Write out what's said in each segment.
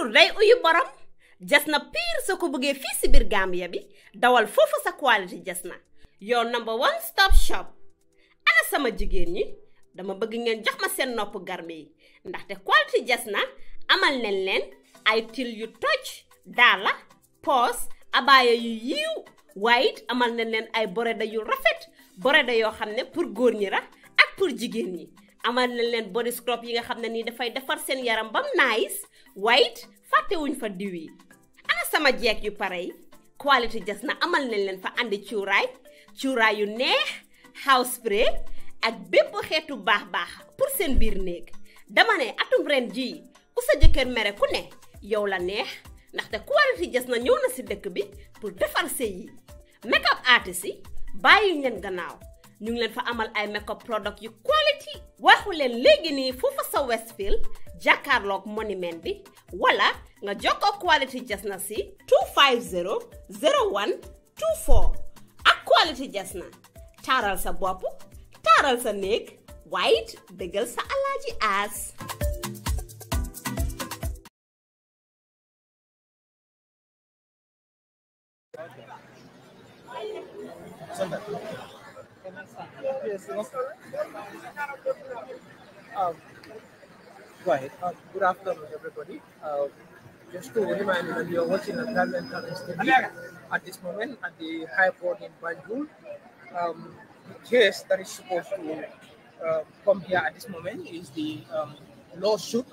loolu day uyu borom jas na pire soo ko bëggee fii si biir Gambia bi dawal foofu sa quality jas na your number one stop shop ana sama jigéen ñi dama bëgg ngeen jox ma seen nopp garmi yi ndaxte quality jas na amal nañ leen ay til yu toj daala poos abaaya yu yiiw waaye it amal nañ leen ay boreda yu rafet boreda yoo xam ne pour góor ñi ra ak pour jigéen ñi amal nañ leen body scrub yi nga xam ne nii dafay defar seen yaram bam nice waaye it fàttewuñ fa diw yi ana sama jeeg yu pare yi quality jas na amal nañ leen fa andi cuuraay cuuraay yu neex house spray ak bépp xeetu baax baax pour seen biir néeg dama ne atum ren jii ku sa jëkkër mere ku ne yow la neex ndaxte quality jas na ñëw na si dëkk bi pour defar sëy yi make up artist yi bàyyi leen gannaaw ñu ngi leen fa amal ay makeup product yu quality waxu leen léegi nii foofu sa Westfield jàkkaarloog monument bi wala nga jokkoo quality jasna si 250 01 24 ak quality jasna taaral sa bopp taaral sa néeg waaye it dëggal sa alaaji aas Um, go ahead. Uh, good afternoon, everybody. Uh, just to remind you, you're watching the Thailand Talents TV at this moment at the High Court in Banjul. Um, the case that is supposed to uh, come here at this moment is the um, lawsuit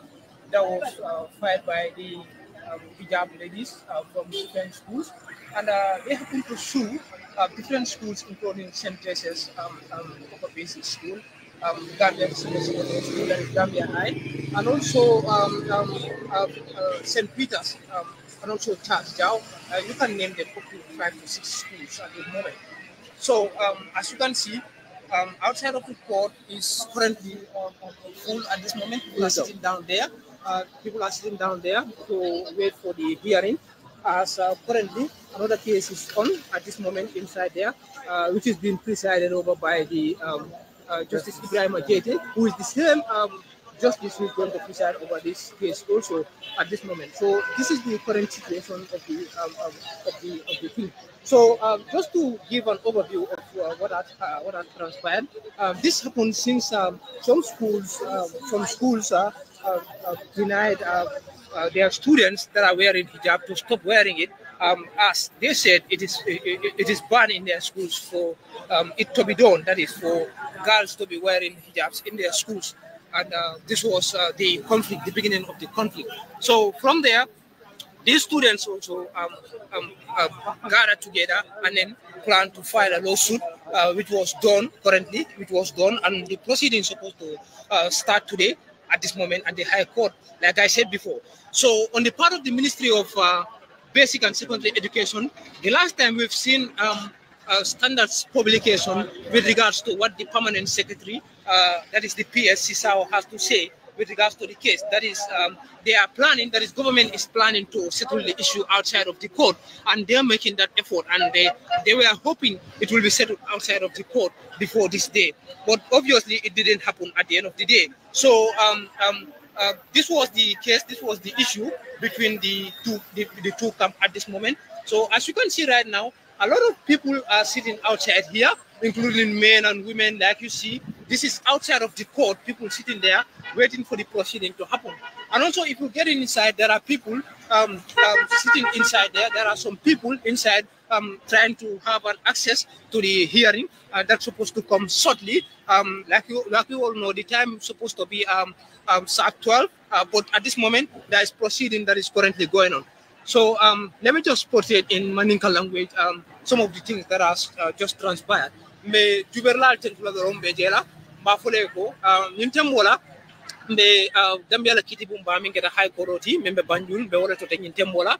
that was uh, filed by the um, hijab ladies uh, from different schools and uh, they been to sue uh, different schools, including St. Teresa's um, um, Basic School, um, Gambia Secondary School, and Gambia High, and also um, um, uh, uh, St. Peter's, um, and also Charles Dow. Uh, you can name them probably five to six schools at the moment. So, um, as you can see, um, outside of the court is currently on, on full at this moment. People are sitting down there. Uh, people are sitting down there to wait for the hearing as uh, currently another case is on at this moment inside there, uh, which is being presided over by the um, uh, Justice Ibrahim Ajete, who is the same um, justice who's going to preside over this case also at this moment. So this is the current situation of the um, um, of the of the thing. So um, just to give an overview of uh, what has uh, what has transpired, uh, this happened since um, some schools um, some schools uh, uh, denied uh, their students that are wearing hijab to stop wearing it. Um, as they said, it is it, it is banned in their schools for um, it to be done. That is for girls to be wearing hijabs in their schools, and this was the conflict, the beginning of the conflict. So from there, these students also um, um, uh, gathered together and then planned to file a lawsuit, uh, which was done currently, which was done, and the proceeding is supposed to uh, start today at this moment at the High Court, like I said before. So on the part of the Ministry of uh, Basic and Secondary Education, the last time we've seen um, uh, standards publication with regards to what the permanent secretary, uh, that is the PSC has to say with regards to the case. That is, um, they are planning, that is, government is planning to settle the issue outside of the court, and they are making that effort. And they, they were hoping it will be settled outside of the court before this day. But obviously, it didn't happen at the end of the day. So, um, um, uh, this was the case, this was the issue between the two, the, the two camps at this moment. So, as you can see right now, a lot of people are sitting outside here, including men and women, like you see. This is outside of the court, people sitting there waiting for the proceeding to happen. And also, if you get inside, there are people um, um, sitting inside there. There are some people inside um, trying to have an access to the hearing uh, that's supposed to come shortly. Um, like you, like you all know, the time is supposed to be um, um, 12, uh, but at this moment, there is proceeding that is currently going on. So um, let me just put it in Maninka language um, some of the things that are uh, just transpired. Me juberlal tentula dorombe jela bafule ko uh, ñun tembo la mbe uh, gambia la kiti bumba min keta hay koroti membe banjul be wala to te ñun tembo la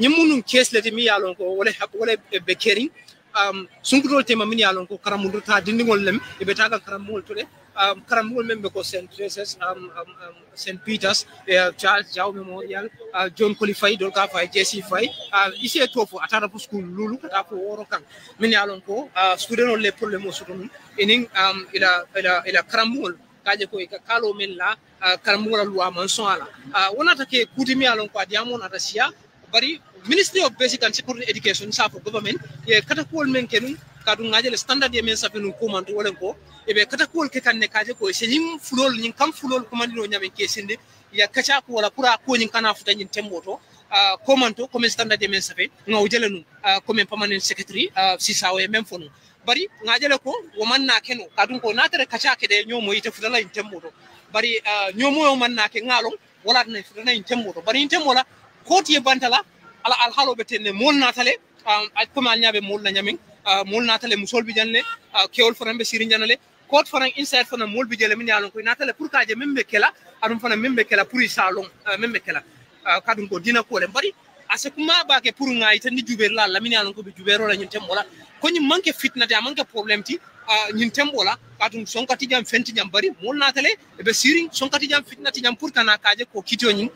ñim munum kesleti mi yalon ko wala wala eh, be kering um, sunkutol tema min yalon ko karamugol ta dindigol lem eɓe tagal karamugol to ɗe um, karamugol men ɓe ko st treses um, um, um, st peters e uh, charles diaw memorial uh, john coli fay dol ka fay jesi fay uh, ise to fo atata fo school lulu kata fo woro kan min yalon ko uh, student le probléme o soto mum enin um, ila ila ila karamugol kaje ko ka kalo men la uh, karamugol luwa man son ala uh, wonata ke kutimi yalon ko adiyamon ata bari ministry of basic and secondary education safu government ye kata kuol men kenu kadu ngaje le standard ye men safu nu command wala ko e be kata kuol ke kanne kaje ko se nyim fulol nyin kam fulol ko mandino nyame kesinde ya kacha ko wala pura ko nyin kana futa nyin temmoto uh, command to standard ye men safu ngaw jele nu uh, comme permanent secretary uh, sisawo ye men fonu bari ngaje ko woman na kenu kadu ko na kacha ke de nyomo ite futa la nyin bari nyomo yo na ke ngalo wala na futa na nyin bari nyin koti ye bantala ala al halo be tenne mol natale um, a kuma nyabe mol na nyamin uh, mol natale musol bi janne uh, keol foran be sirin janale kot foran inside foran mol bi jele min yalon ko natale pour kaje membe kela adum foran membe kela pour isalon uh, membe kela kadum ko dina ko le bari ase kuma ba ke pour ngai tan ni jubero la lamini anon ko be jubero la nyinten mola ko nyi manke fitna de manke problème ti nyinten mola katum sonkati jam fenti jam bari mol natale be sirin sonkati jam fitna ti jam pour kana kaje ko kitio nyi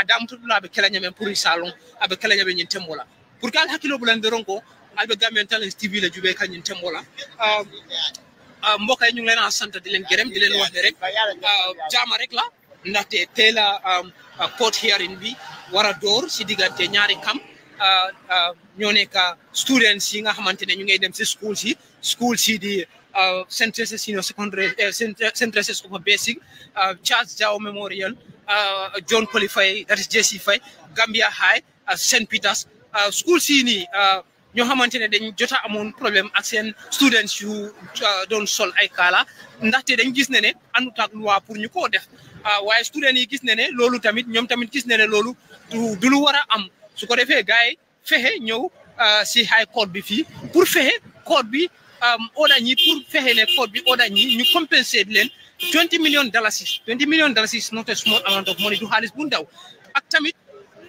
adam to dula be kala nyame pour salon abe kala nyabe nyinten mola pour kal hakilo bulan de ronko albe gamen talent tv la jube kan nyinten mola mbokk yi ñu ngi leen a e di leen gërëm di leen wax rek jaama rek la ndaxte teel a court hearing bi war a door si diggante ñaari kam ah, ah, ñoo ka students yi nga xamante ne ñu ngay dem si school si school si di ah, Saint Teresa's Senior Secondary eh, Saint Teresa's Upper Basic Charles Diao Memorial John Colley Faye that fay JC Faye Gambia High Saint Peters school si nii ñoo xamante ne dañ jota amoon problème ak seen students yu doon sol ay kaala ndaxte dañ gis ne ne àndut ak loi pour ñu ko def Ah, waaye student yi gis ne ne loolu tamit ñoom tamit gis ne ne loolu du lu war a am su ko defee gars yi fexe ñëw ah, si high court bi fii pour fexe court bi oda ñi pour fexe ne court bi oda ñi ñu compenser leen 20 million dollars 20 million dollars is not a small amount of money du xaalis bu daw ak tamit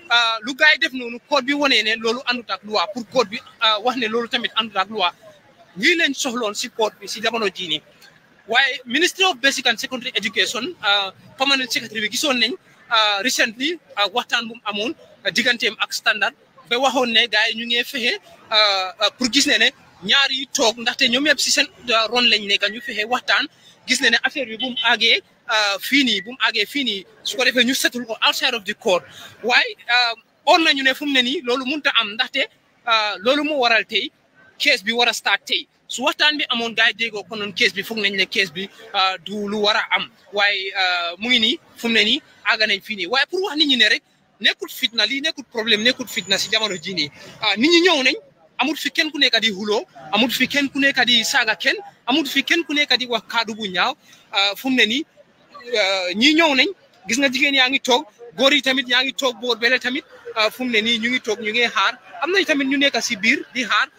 ah, lu gars def noonu court bi wane ne loolu àndut ak loi pour court bi wax ne loolu tamit àndut ak loi lii leen soxloon si court bi si jamono jii nii waaye ministry of basic and secondary education euh, permanent secretary bi gisoon nañ euh, recently euh, waxtaan bum mu amoon digganteem ak standard ba waxoon ne gars yi ñu ngi fexe pour gis ne ne ñaari yi toog ndaxte ñoom yëpp si seen ron lañ nekk ñu fexe waxtaan gis ne ne affaire bi bu mu àggee fii nii bu mu àggee fii nii su ko defee ñu settle ko outside of the court waaye or nañu ne fu mu ne nii loolu mun a am ndaxte loolu moo waral tey case bi war a start tey. su waxtaan bi amoon gars yi déggoo ko noonu kees bi foog nañ ne kees bi euh, du lu war a am waaye euh, mu ngi nii fu mu ne nii àgg nañ fii nii waaye pour wax nit ne rek nekkul fitna lii nekkul problème nekkul fitna si jamono jii nii euh, nit ñi ñëw nañ amut fi kenn ku nekk di xuloo amut fi kenn ku nekk di saaga kenn amut fi kenn ku nekk di wax kaddu bu ñaaw fu mu ne nii ñi ñëw nañ gis nga jigéen yaa ngi toog góor yi tamit yaa ngi toog boor bele tamit fu mu ne nii ñu ngi toog ñu ngi xaar am nañ tamit ñu nekk si biir di xaar.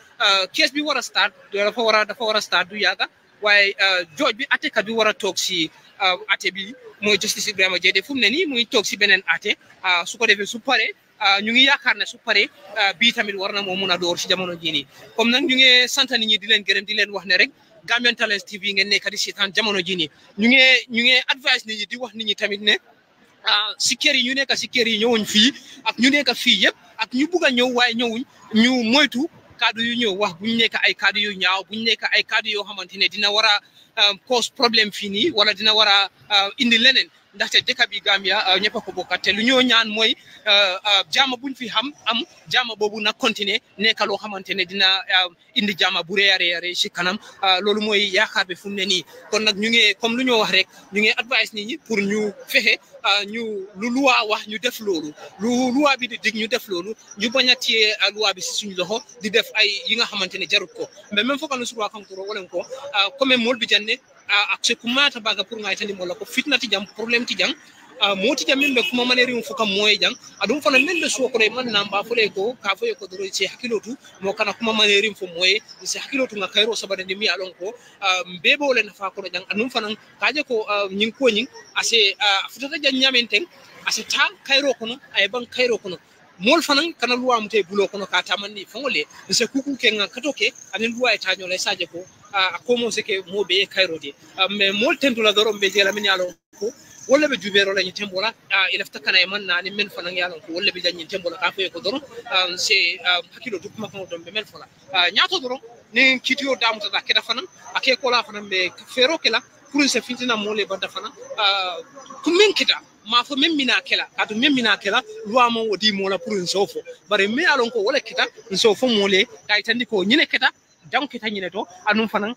case euh, bi war a start dafa war a dafa du yàgga waaye euh, jooj bi kat bi war a toog si euh, ate bi mooy justice Ibrahima Jaide fu mu ne nii ngi toog si beneen ate su ko defee su paree ñu ngi yaakaar ne su paree bii tamit war na moo mun a door si jamono jii nii comme nag ñu nge sant nit ñi di leen gërëm di leen wax ne rek Gambian Talents TV ngeen nekk di seetaan jamono jii nii ñu ngi ñu ngi advice nit ñi di wax ni ñi tamit ne si kër yi ñu nekk si kër yi ñëwuñ fii ak ñu nekk fii yëpp ak ñu bugg a waaye ñëwuñ kaddu yu ñëw wax bu nekk ay kaddu yu ñaaw bu ñu nekk ay kaddu yoo xamante ne dina war a cause euh, problème fii nii wala dina war a euh, indi leneen. ndaxte dëkk bi Gambia euh, ñëpp a ko bokk te lu ñoo ñaan mooy euh, euh, jaama buñ fi xam am jaama boobu nag continuer nekka loo xamante ne dina indi jaama bu rëy a rëy si kanam loolu mooy yaakaar bi fu mu ne nii kon nag ñu ngi comme lu ñoo wax rek ñu ngi advice nit ñi pour ñu fexe ñu lu luwaa wax ñu def loolu lu luwaa bi di ñu def loolu ñu bañ a téye luwaa bi si suñu loxo di def ay yi nga xamante ne jarut ko mais même foog a ne suba kankuro wala ko comme mool bi akse kumata baga pour ngai tandi mola ko fitna ti jam problem ti jam moti jam min be kuma maneri um fuka moy jam adum fana min be suwa kore man namba fole ko ka fo ko doro ci hakilotu mo kana kuma maneri fo moy ci hakilotu nga kairo sabade ni mi alon ko be bo le nafa ko jam adum fana kaje ko nyin ko nyin ase futata jam nyamen ten ase ta kairo kono ay ban kairo kono mol fanan kana luwa mute bulo kono ka tamanni fongole se kuku ke ngan kato ke anen luwa e tanyo la saje ko a komo se ke mo be kairode me mol tentu la doro be jela min yalo ko walla be jubero la nyitembo la e lafta kana e man nani men fanan yalo ko walla be jan nyitembo la ka fe ko doro se hakilo duk makko don be men fola nyato doro ne kitiyo damuta da keda fanan ake kola fanan be fero kala pour se fintina mole banda fanan kun men kita m'a fɔ min mina kela kɛla min mina kela kɛla luwa ma o di mɔ la pour n sɔn fɔ bari min ko wala kita n sɔn fɔ mɔ le k'a yi tandi k'o nyine kita dan kita nyine to anum fana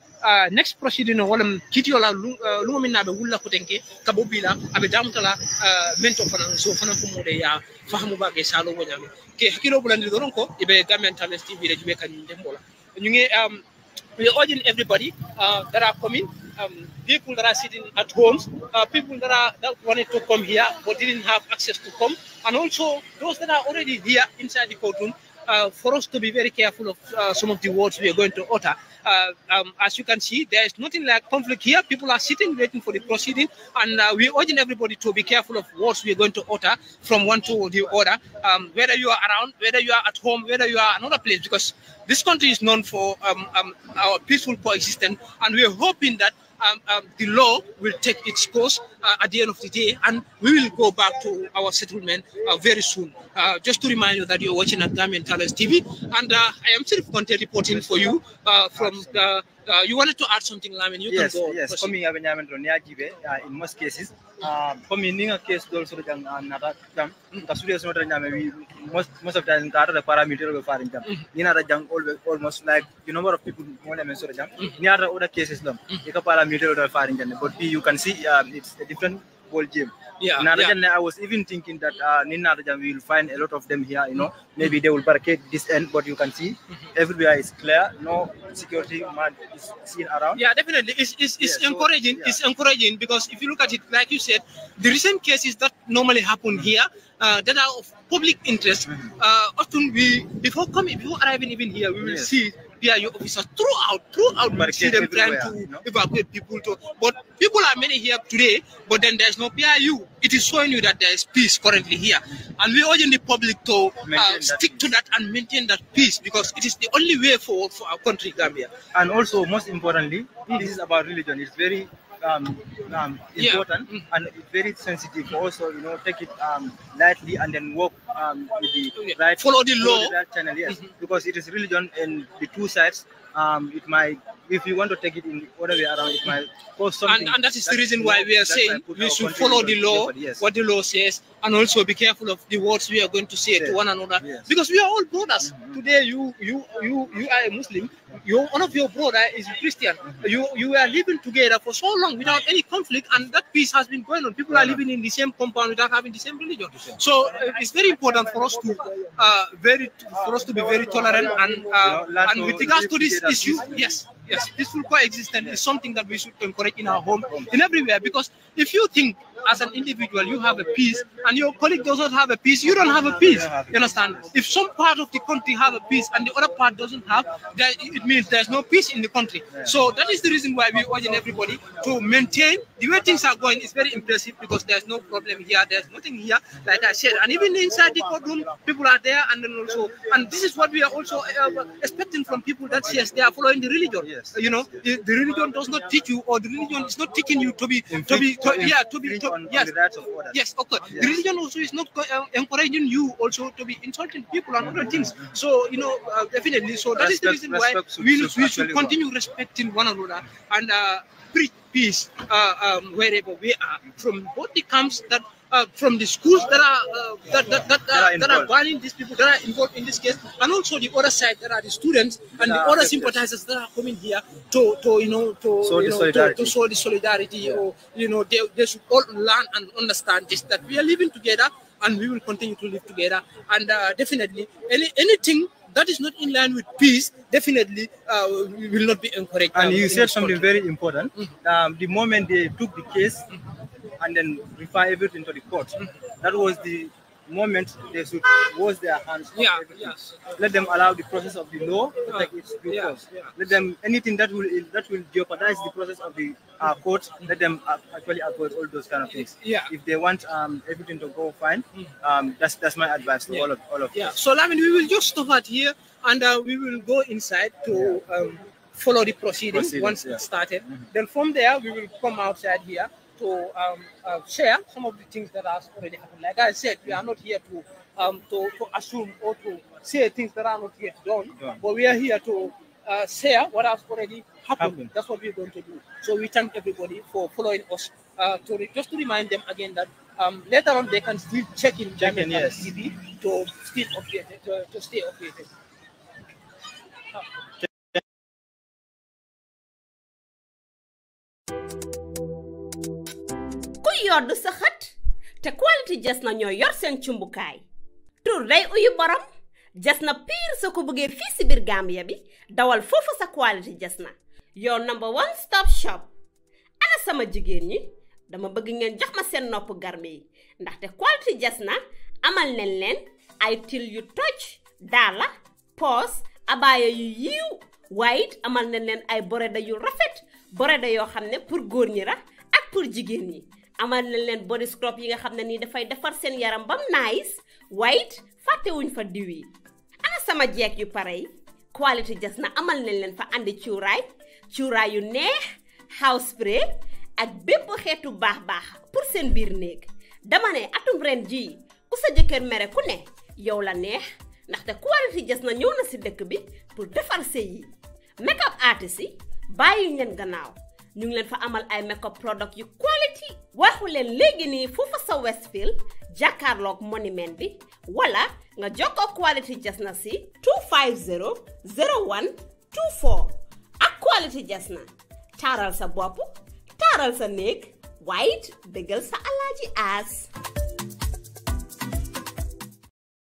next procedure no wala kitiyo la luŋo min na a bɛ wuli la ka bɔ bi la a bɛ damu fana n fana fɔ mɔ le ya fahamu b'a ke salo ko ɲami ke hakilo bulandi dɔrɔn kɔ i e bɛ gamɛn talent tv de jumɛn ka nin den bɔ la ñu ngi um, we urging everybody uh, that are coming um, people that are sitting at homes, uh, people that are that wanted to come here but didn't have access to come, and also those that are already here inside the courtroom. Uh, for us to be very careful of uh, some of the words we are going to utter. Uh, um, as you can see, there is nothing like conflict here. People are sitting waiting for the proceeding, and uh, we urge everybody to be careful of words we are going to utter from one to the other, um, whether you are around, whether you are at home, whether you are another place, because this country is known for um, um, our peaceful coexistence, and we are hoping that um, um, the law will take its course uh, at the end of the day, and we will go back to our settlement uh, very soon. Uh, just to remind you that you're watching at and Talents TV, and I am still Conte reporting for you uh, from the uh, you wanted to add something, Lamin. You yes, can go. Yes, for me, I've been in most cases. For me, in a case, also can another jam. The studio is not most most of the time, the parameter of the jam. In other jam, almost like the number of people want to mention jam. In other other cases, no, the parameter of the jam. But you can see uh, it's a different football game. Yeah, Narajan, yeah. I was even thinking that uh, in Narajan we will find a lot of them here. You know, maybe they will barricade this end, but you can see mm-hmm. everywhere is clear. No security man is seen around. Yeah, definitely, it's it's, it's yeah, encouraging. So, yeah. It's encouraging because if you look at it, like you said, the recent cases that normally happen here uh, that are of public interest, mm-hmm. uh, often we before coming, before arriving even here, we will yes. see Piu are your officers throughout, throughout. Mm, see them trying to you know? evacuate people. To, but people are many here today, but then there's no PIU. It is showing you that there is peace currently here. And we urge the public to uh, stick to that and maintain that peace because it is the only way forward for our country, Gambia. And also, most importantly, this is about religion. It's very um, um, important yeah. Mm. and very sensitive. Also, you know, take it um, lightly and then walk um, with the yeah. right follow the law, the right channel, yes, mm -hmm. because it is religion and the two sides. Um, it might if you want to take it in whatever around, it might something. And, and that is the reason why we are saying we should follow the law, effort, yes. what the law says, and also be careful of the words we are going to say yes. to one another, yes. because we are all brothers. Mm -hmm. Today, you you you you are a Muslim. one of your brother is a Christian. Mm -hmm. You you are living together for so long without any conflict, and that peace has been going on. People are living in the same compound without having the same religion. So uh, it's very important for us to uh, very for us to be very tolerant and uh, and with regards to this issue, yes yes, peaceful coexistence is something that we should encourage in our home, in everywhere. Because if you think as an individual, you have a piece, and your colleague does not have a piece, you don't have a piece. You understand? If some part of the country have a piece and the other part doesn't have, then it means there's no peace in the country. So that is the reason why we urging everybody to maintain the way things are going is very impressive because there's no problem here, there's nothing here, like I said. And even inside the courtroom, people are there, and then also, and this is what we are also uh, expecting from people that yes, they are following the religion. You know, the, the religion does not teach you, or the religion is not teaching you to be, to be, to, yeah, to be so, on, yes, on the rights of others. Yes, okay. Yes. Religion also is not uh, encouraging you also to be insulting people and other things. So, you know, uh, definitely. So that respect, is the reason why we, should, we should continue respecting one another and uh, preach peace uh, um, wherever we are from both the camps that uh, from the schools that are uh, that, that, that, that, that are banning these people that are involved in this case, and also the other side that are the students and the other sympathizers that are coming here to, to you know to you know, to, to, show the solidarity. Yeah. Or you know they, they should all learn and understand this that we are living together and we will continue to live together. And uh, definitely any anything that is not in line with peace definitely uh, will not be encouraged. And uh, you said something very important. Mm -hmm. um, the moment they took the case, mm -hmm and then refer everything to the court. Mm. That was the moment they should wash their hands. Yeah, yes. Let them allow the process of the law to take its due course. Let them anything that will that will jeopardize the process of the uh, court. Mm. Let them actually avoid all those kind of things. Yeah. If they want um, everything to go fine, mm. um, that's that's my advice to yeah. all of all of. Yeah. So I mean, we will just stop at here, and uh, we will go inside to. Um, follow the proceedings once yeah. it started. Mm -hmm. Then from there, we will come outside here to um, uh, share some of the things that has already happened. Like I said, we are not here to um, to, to assume or to say things that are not yet done, yeah. but we are here to uh, share what has already happened. happened. That's what we're going to do. So we thank everybody for following us. Uh, to just to remind them again that um, later on they can still check in check in, yes. TV to still update, To, to stay updated. ndodd sa xët te quality jas na ñoo yor seen cumbukaay tur day uyu borom jas na pire sa ko bëggee fii si biir bi dawal foofu sa quality jas na your number one stop shop ana sama jigéen ñi dama bëgg ngeen jox ma seen nopp garme yi ndaxte quality jas na amal nañ leen ay til yu toj daala poos abaaya yu yiiw waaye amal nañ leen ay boreda yu rafet boreda yoo xam ne pour góor ñi la ak pour jigéen ñi amal na leen body scrub yi nga xam ne nii dafay defar seen yaram bam nice white fàttewuñ fa diw yi ana sama jeeg yu pare yi quality jas na amal nañ leen fa andi cuuraay cuuraay yu neex house spray ak bépp xeetu baax baax pour seen biir néeg dama ne atum ren jii ku sa jëkkër mere ku ne yow la neex ndaxte quality jas na ñëw na si dëkk bi pour defar sëy yi make up artist yi bàyyi leen gannaaw ñu ngi leen fa amal ay makeup product yu quality waxu leen léegi nii foofu sa Westfield jàkkaarloog monument bi wala nga jokkoo quality jasna si 250 01 24 ak quality jasna taaral sa bopp taaral sa néeg waaye it dëggal sa alaaji aas